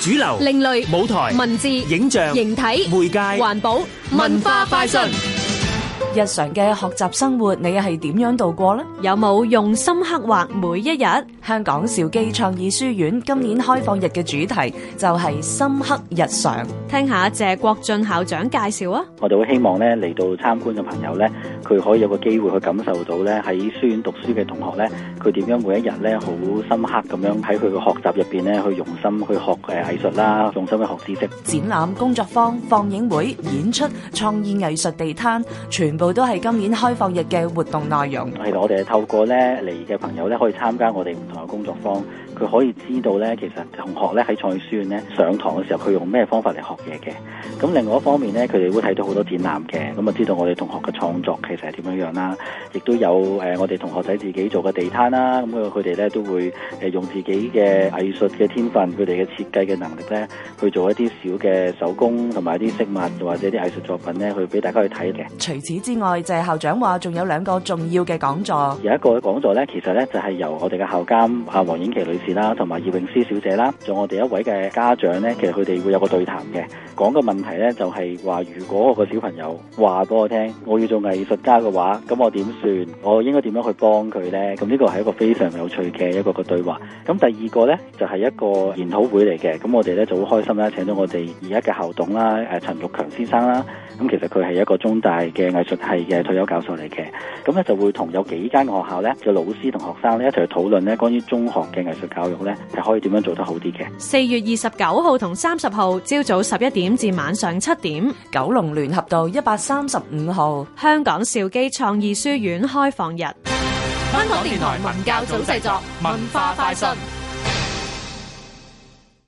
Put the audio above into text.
主流、另類、舞台、文字、影像、形體、媒介、環保、文化、快訊。日常嘅學習生活，你又係點樣度過咧？有冇用心刻畫每一日？香港兆基創意書院今年開放日嘅主題就係深刻日常，聽下謝國俊校長介紹啊！我哋會希望咧嚟到參觀嘅朋友咧，佢可以有個機會去感受到咧喺書院讀書嘅同學咧，佢點樣每一日咧好深刻咁樣喺佢嘅學習入邊咧去用心去學誒藝術啦，用心去學知識。展覽、工作坊、放映會、演出、創意藝術地攤，全部。都係今年開放日嘅活動內容。係我哋係透過咧嚟嘅朋友咧，可以參加我哋唔同嘅工作坊，佢可以知道咧，其實同學咧喺創意書院咧上堂嘅時候，佢用咩方法嚟學嘢嘅。咁另外一方面咧，佢哋會睇到好多展覽嘅，咁啊知道我哋同學嘅創作其實係點樣樣啦。亦都有誒、呃，我哋同學仔自己做嘅地攤啦，咁佢哋咧都會誒用自己嘅藝術嘅天分，佢哋嘅設計嘅能力咧，去做一啲小嘅手工同埋啲飾物，或者啲藝術作品咧，去俾大家去睇嘅。除此。之外，謝校長話仲有兩個重要嘅講座。有一個講座咧，其實咧就係由我哋嘅校監阿黃婉琪女士啦，同埋葉詠詩小姐啦，仲有我哋一位嘅家長咧，其實佢哋會有個對談嘅，講個問題咧就係話，如果我個小朋友話俾我聽，我要做藝術家嘅話，咁我點算？我應該點樣去幫佢咧？咁呢個係一個非常有趣嘅一個嘅對話。咁第二個咧就係一個研討會嚟嘅，咁我哋咧就好開心啦，請到我哋而家嘅校董啦，誒陳玉強先生啦，咁其實佢係一個中大嘅藝術。係嘅退休教授嚟嘅，咁咧就會同有幾間嘅學校咧嘅老師同學生咧一齊去討論咧，關於中學嘅藝術教育咧係可以點樣做得好啲嘅。四月二十九號同三十號朝早十一點至晚上七點，九龍聯合道一百三十五號香港兆基創意書院開放日。香港電台文教組製作文化快訊。